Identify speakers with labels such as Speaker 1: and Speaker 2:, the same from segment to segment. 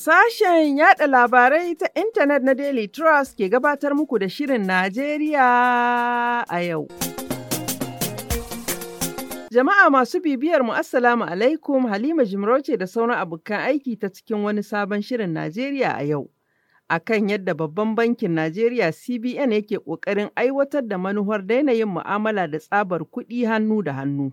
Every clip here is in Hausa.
Speaker 1: Sashen yada labarai ta intanet na Daily Trust ke gabatar muku da Shirin Najeriya a yau. Jama'a masu bibiyar mu Assalamu alaikum Halima Jimroce da sauran abokan aiki ta cikin wani sabon Shirin Najeriya a yau. a kan yadda babban bankin Najeriya CBN yake ƙoƙarin aiwatar da manuwar daina yin mu'amala da tsabar kuɗi hannu da hannu.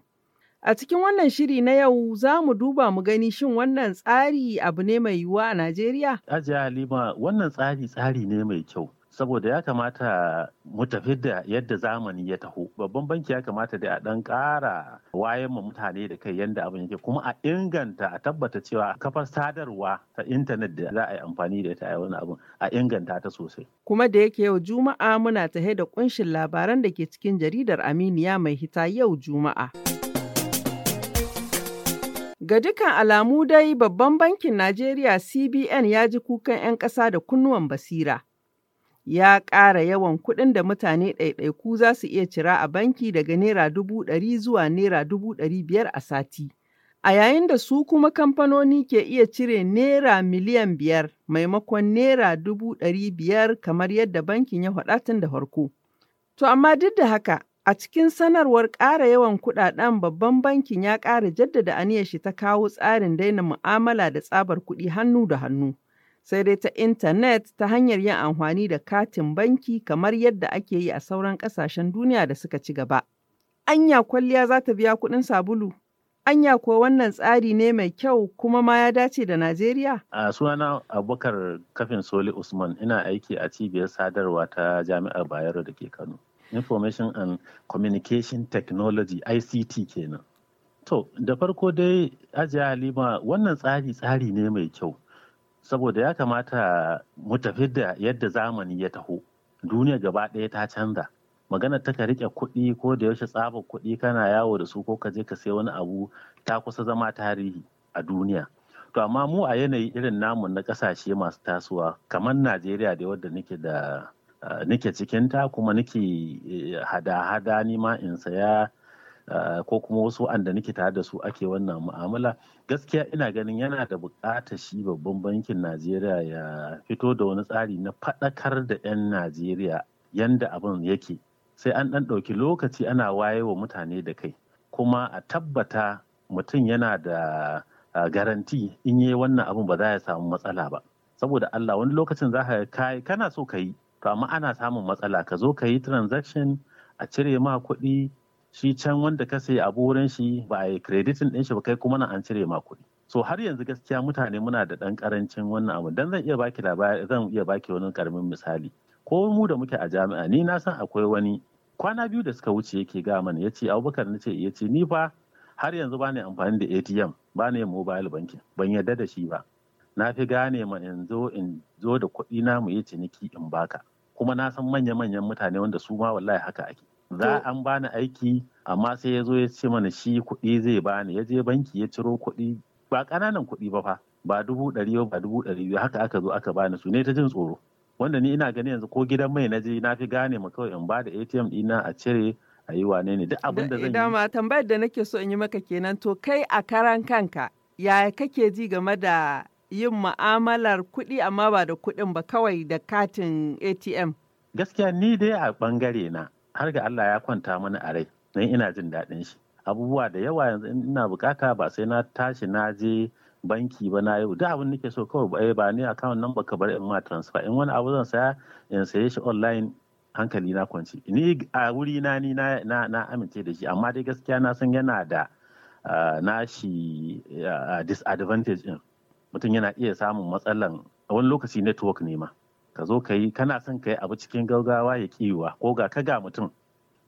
Speaker 1: A cikin wannan shiri na yau za mu duba mu gani shin wannan tsari abu ne mai yiwuwa a Najeriya?
Speaker 2: Ajiya Halima wannan tsari tsari ne mai kyau. Saboda ya kamata mu tafi da yadda zamani ya taho. Babban banki ya kamata da a ɗan ƙara wayan ma mutane da kai yadda abin yake kuma a inganta a tabbata cewa kafar sadarwa ta intanet da za a yi amfani da ita a wani abin a inganta ta sosai.
Speaker 1: Kuma da yake yau Juma'a muna tahe da ƙunshin labaran da ke cikin jaridar Aminiya mai hita yau Juma'a. Ga dukan alamu dai babban bankin Najeriya CBN ya ji kukan 'yan ƙasa da kunnuwan basira. Ya ƙara yawan kuɗin da mutane ɗaiɗaiku za su iya cira a banki daga Naira dubu ɗari zuwa Naira dubu ɗari biyar a sati. A yayin da su kuma kamfanoni ke iya cire Naira miliyan biyar maimakon Naira dubu ɗari biyar kamar yadda bankin ya faɗa tun da farko. To amma duk da haka A cikin sanarwar ƙara yawan kuɗaɗen, Babban Bankin ya ƙara jaddada aniyar shi ta kawo tsarin daina mu'amala da tsabar kuɗi hannu da hannu, sai dai ta intanet ta hanyar yin amfani da katin banki kamar yadda ake yi a sauran ƙasashen duniya da suka ci gaba. Anya kwalliya za ta biya kuɗin sabulu? Anya ko wannan tsari ne mai kyau kuma ma ya dace da Najeriya?
Speaker 2: A sunana Abubakar Kafin Soli Usman ina aiki a cibiyar sadarwa ta Jami'ar Bayero da ke Kano. information and communication technology ict kenan to da farko dai ajiye halima wannan tsari tsari ne mai kyau saboda ya kamata mu tafi da yadda zamani ya taho duniya gaba ɗaya ta canza magana ta ka riƙe kuɗi ko da yaushe tsabar kuɗi kana yawo da su ko ka je ka sai wani abu ta kusa zama tarihi a duniya to amma mu a yanayi irin namu na ƙasashe masu tasowa kamar najeriya da wadda nake da Eh, nake cikinta kuma nake eh, hada-hada nima in saya eh, ko kuma wasu waɗanda nake tare da su ake wannan mu'amala gaskiya ina ganin yana da buƙatar shi babban bankin najeriya ya fito da wani tsari na faɗakar da 'yan najeriya yanda abin yake sai an ɗan ɗauki lokaci ana waye wa mutane da kai kuma a tabbata mutum yana da garanti in yi wannan abin ba za ya samu matsala ba saboda allah wani lokacin za ka kana so ka yi to amma ana samun matsala ka zo ka yi transaction a cire ma kuɗi shi can wanda ka sayi abu wurin shi ba a yi kreditin ɗin shi ba kai kuma na an cire ma kuɗi so har yanzu gaskiya mutane muna da ɗan ƙarancin wannan abu dan zan iya baki labari zan iya baki wani ƙaramin misali ko mu da muke a jami'a ni na san akwai wani kwana biyu da suka wuce yake ga mana yace ce abubakar nace yace ni fa har yanzu bani amfani da atm ba yin mobile banking ban yarda da shi ba na fi gane ma in zo in zo da kuɗi na mu yi ciniki in baka kuma na san manya-manyan mutane wanda su ma wallahi haka ake za an bani aiki amma sai ya zo ya ce mana shi kuɗi zai bani ya je banki ya ciro kuɗi ba ƙananan kuɗi ba fa ba dubu ɗari ba dubu ɗari biyu haka aka zo aka bani su ne ta jin tsoro wanda ni ina gani yanzu ko gidan mai na je na fi gane ma kawai in ba da atm ɗina a cire a yi wane ne duk abin da zan yi. Dama
Speaker 1: tambayar da nake so in yi maka kenan to kai a karan kanka ya kake ji game da yin ma'amalar kuɗi amma ba da kuɗin ba kawai da katin ATM. Gaskiya ni dai a ɓangare na har ga Allah ya kwanta mana a rai don ina jin daɗin shi.
Speaker 2: Abubuwa da yawa yanzu ina bukata ba sai na tashi na je banki ba na yau duk abin nake so kawai eh, ba ni account number ka bar in ma transfer in wani abu zan saya in saye shi online hankali na kwanci ni a wuri na ni na amince da shi amma dai gaskiya na san yana da ah, nashi ah, disadvantage din mutum yana iya samun matsalan wani lokaci network ne ma ka zo ka yi kana son ka yi abu cikin gaugawa ya kiwa ko ga ka ga mutum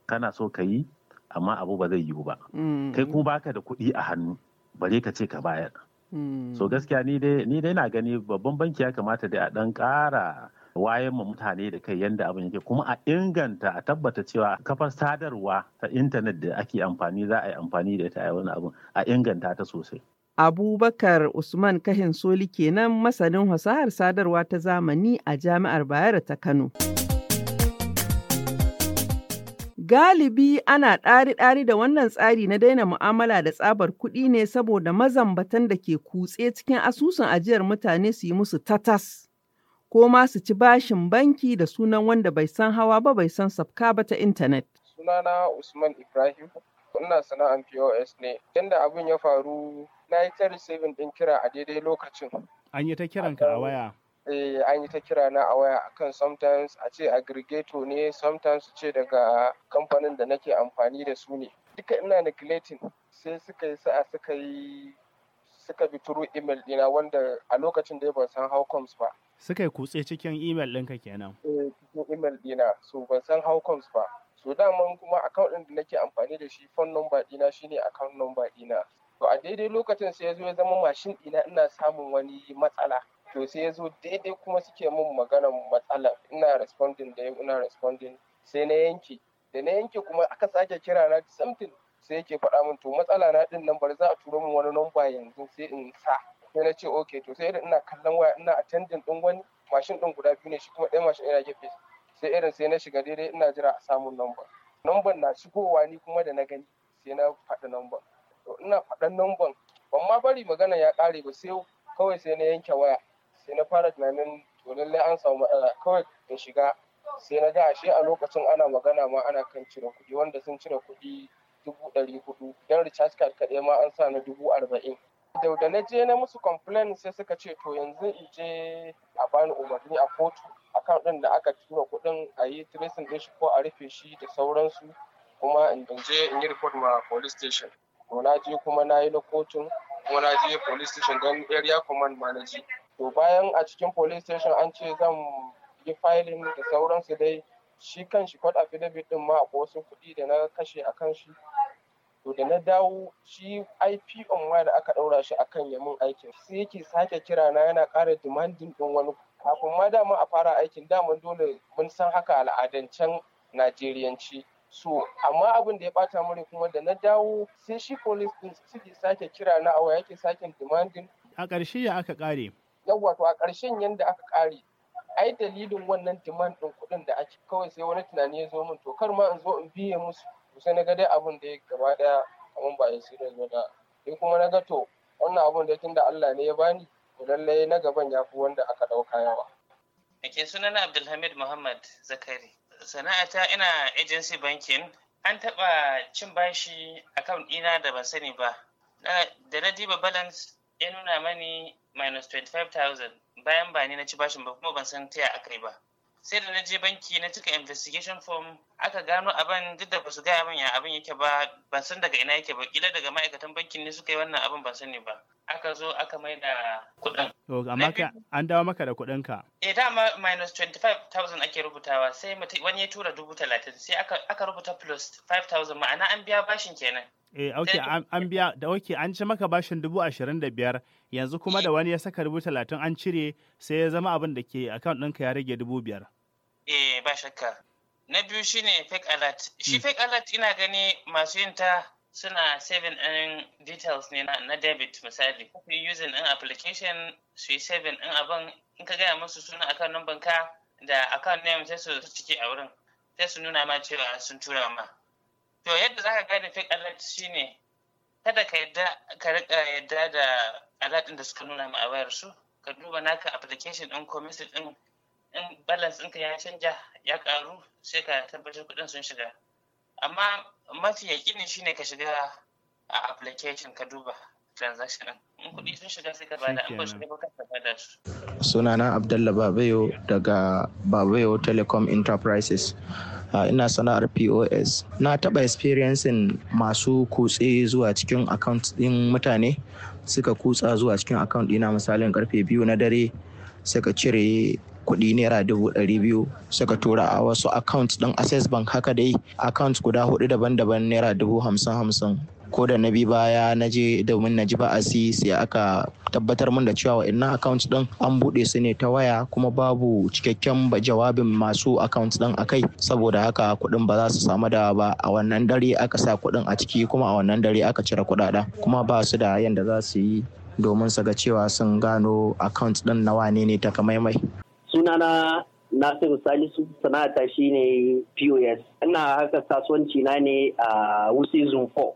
Speaker 2: kana so ka yi amma abu ba zai yiwu ba mm. kai kuma baka da kuɗi a hannu bare ka ce ka bayar mm. so gaskiya ni dai ni dai na gani babban banki ya kamata dai a dan ƙara wayan ma mutane da kai yadda abin yake kuma a inganta a tabbata cewa kafar sadarwa ta intanet da ake amfani za a yi amfani da ita a wani abin a inganta ta sosai
Speaker 1: Abubakar Usman Kahin Soli kenan masanin fasahar sadarwa ta zamani a Jami'ar Bayero ta Kano. Galibi ana ɗari-ɗari da wannan tsari na daina mu'amala da tsabar kuɗi ne saboda mazambatan da ke kutse cikin asusun ajiyar mutane su yi musu tatas, ko ma su ci bashin banki da sunan wanda bai san hawa ba bai san sabka ba ta intanet.
Speaker 3: Sunana Usman Ibrahim ina sana'an POS ne. Yanda abin ya faru na yi ta receiving ɗin kira a daidai lokacin.
Speaker 2: An yi ta kiran ka a waya?
Speaker 3: Eh, an yi ta kira na a waya akan sometimes a ce aggregator ne sometimes ce daga kamfanin da nake amfani da su ne. Duka ina neglecting sai suka yi sa'a suka yi suka bi turu email dina wanda a lokacin da ban san how comes ba.
Speaker 2: Suka yi kutse cikin email ɗinka kenan?
Speaker 3: Eh, cikin email dina so ban san how comes ba. so daman kuma account ɗin da nake amfani da shi phone number ɗina shine account number ɗina to a daidai lokacin sai ya zo ya zama mashin ɗina ina samun wani matsala to sai ya zo daidai kuma suke min magana matsala ina responding da ina responding sai na yanke da na yanke kuma aka sake kira na something sai yake faɗa min to matsala na ɗin nan za a turo min wani number yanzu sai in sa sai na ce okay to sai ina kallon waya ina attending ɗin wani mashin ɗin guda biyu ne shi kuma ɗaya mashin ina gefe sai irin sai na shiga daidai ina jira a samun number number na shigowa ni kuma da na gani sai na faɗi number to ina faɗan number ban ma bari magana ya ƙare ba sai kawai sai na yanke waya sai na fara tunanin to lallai an samu matsala kawai in shiga sai na ga ashe a lokacin ana magana ma ana kan cire kuɗi wanda sun cire kuɗi dubu ɗari hudu Idan recharge card kaɗai ma an sa na dubu arba'in da na je na musu complain sai suka ce to yanzu in je a bani umarni a kotu akan ɗin da aka tura kuɗin a yi tracing ɗin shi ko a rufe shi da sauransu kuma in je in yi report ma police station to na je kuma na yi lokacin kuma na je police station don area command manager to bayan a cikin police station an ce zan yi filing da sauransu dai shi kan shi court affidavit ɗin ma akwai wasu kuɗi da na kashe a kan shi to da na dawo shi IP ma da aka ɗaura shi akan yamin aikin sai yake sake kira na yana ƙara demanding ɗin wani kafin ma dama a fara aikin daman dole mun san haka al'adancen najeriyanci so amma abin da ya bata mure kuma da na dawo sai shi police din suke sake kira na awa yake sake demanding
Speaker 2: a ƙarshe ya aka ƙare
Speaker 3: yawwa to a ƙarshen yanda aka kare ai dalilin wannan demand din kuɗin da ake kawai sai wani tunani ya zo min to kar ma in zo in biye musu kusa na ga dai abin da ya gaba daya kamar ba ya sirri ba da kuma na ga to wannan abin da tun da Allah ne ya bani lallai na gaban ya fi wanda aka ɗauka yawa.
Speaker 4: Ake sunana Abdulhamid Muhammad Zakari. Sana'ata ina agency banking. An taɓa cin bashi kan ina da ban sani ba. Da na diba balance ya nuna mani minus 25,000 bayan ba ni na ci bashin ba kuma ban san ta aka yi ba. Sai da na je banki na cika investigation form aka gano abin duk da ba su gaya min ya abin yake ba ban san daga ina yake ba kila daga ma'aikatan bankin ne suka yi wannan abin ban sani ba. aka zo aka mai da kuɗin.
Speaker 2: amma ka an dawo maka da kuɗin ka.
Speaker 4: Eh dama minus 25,000 ake rubutawa sai wani ya tura dubu talatin sai aka rubuta plus 5,000 ma'ana an biya bashin kenan.
Speaker 2: Eh ok an biya da ok an ci maka bashin dubu ashirin da biyar yanzu kuma da eh. wani ya saka dubu talatin an cire sai ya zama abin da ke account ɗinka ya rage dubu biyar.
Speaker 4: Eh ba shakka. Na biyu shine fake alert. Shi hmm. fake alert ina gani masu yin ta suna saving ɗin details ne na debit misali yi using ɗin application su yi saving ɗin abin in ka gaya musu suna akan numban ka da account name sai su ciki a wurin sai su nuna ma cewa sun tura ma to yadda za ka gane fake alert shine kada ka yadda ka riƙa yadda da alert ɗin da suka nuna ma a wayar su ka duba naka application ɗin ko message ɗin in balance ɗinka ya canja ya ƙaru, sai ka tabbatar kuɗin sun shiga amma mafi yakinin shine ka shiga a application ka duba transaction in kuɗi sun shiga sai ka bada an ba shiga ba ka
Speaker 2: bada su
Speaker 3: sunana Abdullahi babayo daga babayo telecom enterprises Uh, ina sana'ar pos na taɓa experiencing masu kutse zuwa cikin account ɗin mutane suka kutsa zuwa cikin account ɗina misalin karfe biyu na dare suka cire kuɗi naira dubu ɗari biyu suka tura a wasu account ɗin access bank haka dai account guda hudu daban-daban naira dubu hamsin hamsin ko da na bi baya na je domin na ji ba'asi sai aka tabbatar min da cewa wa'annan account ɗin an buɗe su ne ta waya kuma babu cikakken jawabin masu account a kai saboda haka kuɗin ba za su samu da ba a wannan dare aka sa kuɗin a ciki kuma a wannan dare aka cire kuɗaɗen kuma ba su da yanda za su yi domin su ga cewa sun gano account ɗin na wane ne kamaimai.
Speaker 1: sunana Nasiru Salisu sana'ata shine POS. Ina haka kasuwanci na ne a Wuse Zoom 4.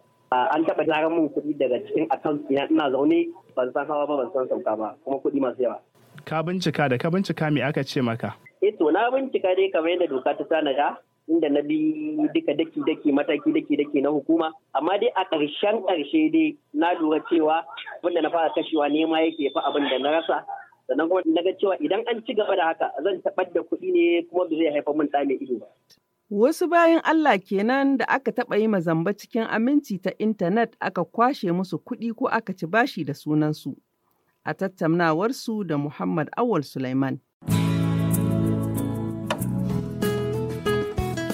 Speaker 1: An taɓa tarar mun kuɗi daga cikin account ina ina zaune ban san hawa ba ban san sauka ba kuma kuɗi masu yawa.
Speaker 2: Ka bincika da ka bincika me aka ce maka?
Speaker 1: Eh to na bincika dai kamar yadda doka ta tanada inda na bi duka daki daki mataki daki daki na hukuma amma dai a ƙarshen ƙarshe dai na lura cewa wanda na fara kashewa nema yake fa abin da na rasa sannan kuma na ga cewa idan an ci gaba da haka zan taɓar da kuɗi ne kuma ba zai haifar mun tsami ido ba. Wasu bayan Allah kenan da aka taɓa yi mazamba cikin aminci ta intanet aka kwashe musu kuɗi ko aka ci bashi da sunansu. A tattaunawarsu da Muhammad Awal Sulaiman.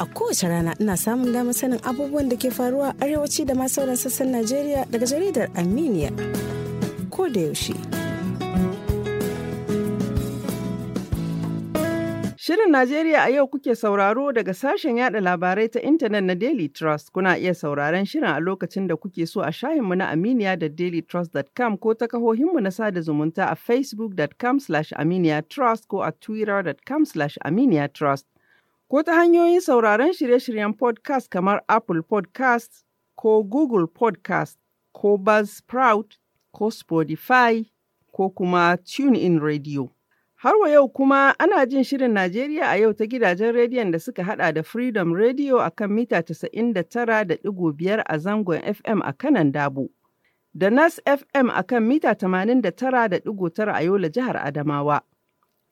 Speaker 1: A kowace rana ina samun damar sanin abubuwan da ke faruwa arewaci da ma sauran sassan Najeriya daga jaridar Aminiya. Ko da yaushe. Shirin Najeriya a yau kuke sauraro daga sashen yada labarai ta intanet na Daily Trust. Kuna iya sauraron shirin a lokacin da kuke so a shahinmu na Aminiya da dailytrust.com ko ta kahohinmu na sada zumunta a facebook.com aminiyatrust ko a twitter.com aminiyatrust. Ko ta hanyoyin sauraron shirye-shiryen podcast kamar Apple podcast ko Google podcast ko Buzzsprout ko Spotify ko kuma TuneIn Radio. Har wa yau kuma ana jin shirin Najeriya a yau ta gidajen rediyon da suka hada da Freedom Radio a kan mita 99.5 a zangon FM a kanan Dabo. Da Nas FM a kan mita 89.9 a Yola jihar Adamawa.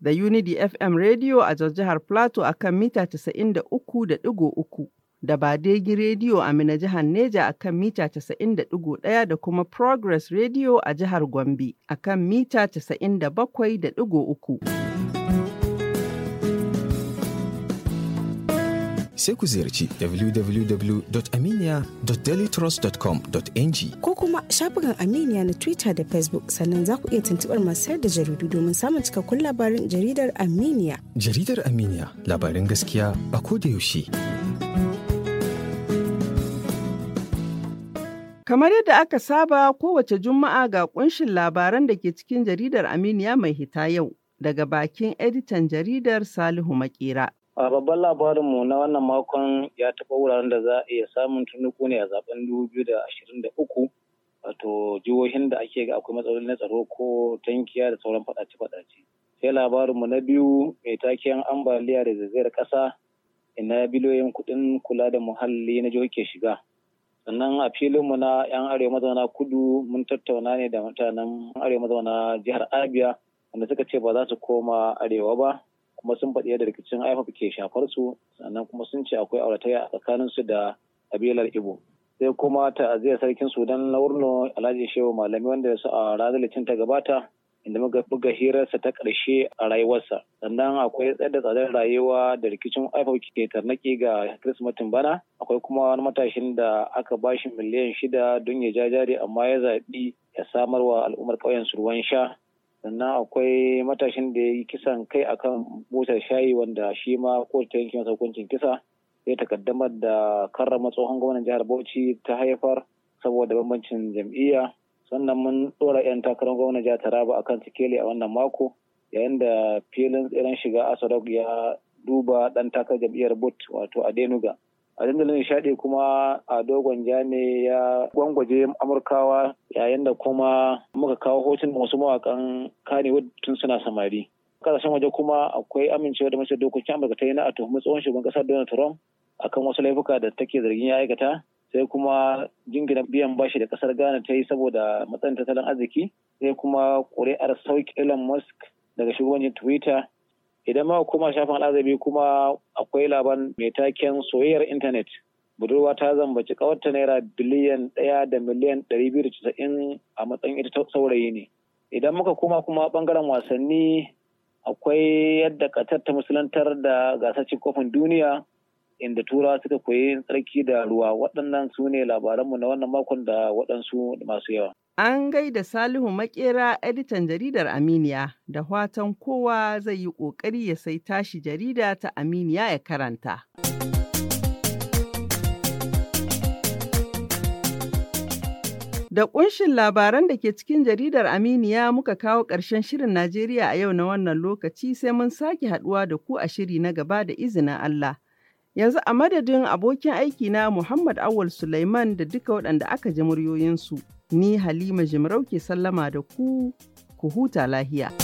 Speaker 1: Da Unity FM Radio a jihar Plateau a kan mita 93.3. da Badegi Radio a Mina jihar Neja a kan mita 90.1 da kuma Progress Radio a jihar Gombe a kan mita 97.3.
Speaker 3: Sai ku ziyarci www.aminiya.dailytrust.com.ng
Speaker 1: ko kuma shafukan Aminiya na Twitter da Facebook sannan za ku iya tuntubar masu sayar da jaridu domin samun cikakkun labarin jaridar Aminiya. Jaridar Aminiya
Speaker 3: labarin gaskiya a koda
Speaker 2: yaushe.
Speaker 1: Kamar yadda aka saba kowace Juma'a ga kunshin labaran da ke cikin jaridar Aminiya mai hita yau daga bakin editan jaridar Salihu Makera.
Speaker 5: A babban labarinmu na wannan makon ya taɓa wuraren da za a iya samun tunuku ne a zaben 2023 wato jihohin da ake ga akwai matsaloli na tsaro ko tankiya da sauran faɗace-faɗace. Sai labarinmu na biyu mai taken ambaliya da zaizayar ƙasa ina biliyoyin kuɗin kula da muhalli na jihohi ke shiga. sannan a filinmu na 'yan arewa mazauna kudu mun tattauna ne da mutanen arewa mazauna jihar abia wanda suka ce ba za su koma arewa ba kuma sun faɗi yadda rikicin IFOP ke shafar su sannan kuma sun ce akwai auratayya a tsakanin su da kabilar Ibo. Sai kuma ta'aziyar sarkin Sudan na Wurno Alhaji Shehu Malami wanda su a ranar Litinin ta gabata inda muka buga hirarsa ta ƙarshe a rayuwarsa sannan akwai tsada tsadar rayuwa da rikicin ipo ke tarnaki ga kirismatin bana akwai kuma wani matashin da aka bashi miliyan shida don ya jajare amma ya zaɓi ya samar wa al'ummar ƙauyen su ruwan sha sannan akwai matashin da ya yi kisan kai akan motar shayi wanda shi ma kotu ta yanke masa hukuncin kisa ya takaddamar da karrama tsohon gwamnan jihar bauchi ta haifar saboda bambancin jam'iyya sannan mun tsora 'yan takarar gwamnati jihar taraba a kan sikeli a wannan mako yayin da filin tseren shiga asarok ya duba dan takarar jam'iyyar but wato adenuga a dandalin nishaɗi kuma a dogon jami ya gwangwaje amurkawa yayin da kuma muka kawo hotun wasu mawakan kanewood tun suna samari kasashen waje kuma akwai amincewa da mace dokokin amurka ta yi na a tuhumi tsohon shugaban ƙasar donald trump akan wasu laifuka da take zargin ya aikata sai kuma jingina biyan bashi da kasar ghana ta yi saboda matsayin tattalin arziki sai kuma ƙuri'ar sauki elon musk daga shugabancin twitter idan ma kuma shafin al'azabi kuma akwai labar mai taken soyayyar intanet budurwa ta zambaci kawarta naira biliyan ɗaya da miliyan dari biyu da casa'in a matsayin ita saurayi ne idan muka koma kuma bangaren wasanni akwai yadda katar ta musulantar da gasar kofin duniya inda tura suka koyi tsarki da ruwa waɗannan su ne labaranmu na wannan makon da waɗansu masu yawa.
Speaker 1: An gaida Salihu Makera editan jaridar Aminiya da watan kowa zai yi ƙoƙari ya sai tashi jarida ta Aminiya ya karanta. Da ƙunshin labaran da ke cikin jaridar Aminiya muka kawo ƙarshen shirin Najeriya a yau na wannan lokaci sai mun sake haɗuwa da ku a shiri na gaba da izinin Allah. Yanzu a madadin abokin aikina Muhammad Awul Sulaiman da duka waɗanda aka ji muryoyinsu, ni Halima Jimarau ke sallama da ku, ku huta lahiya.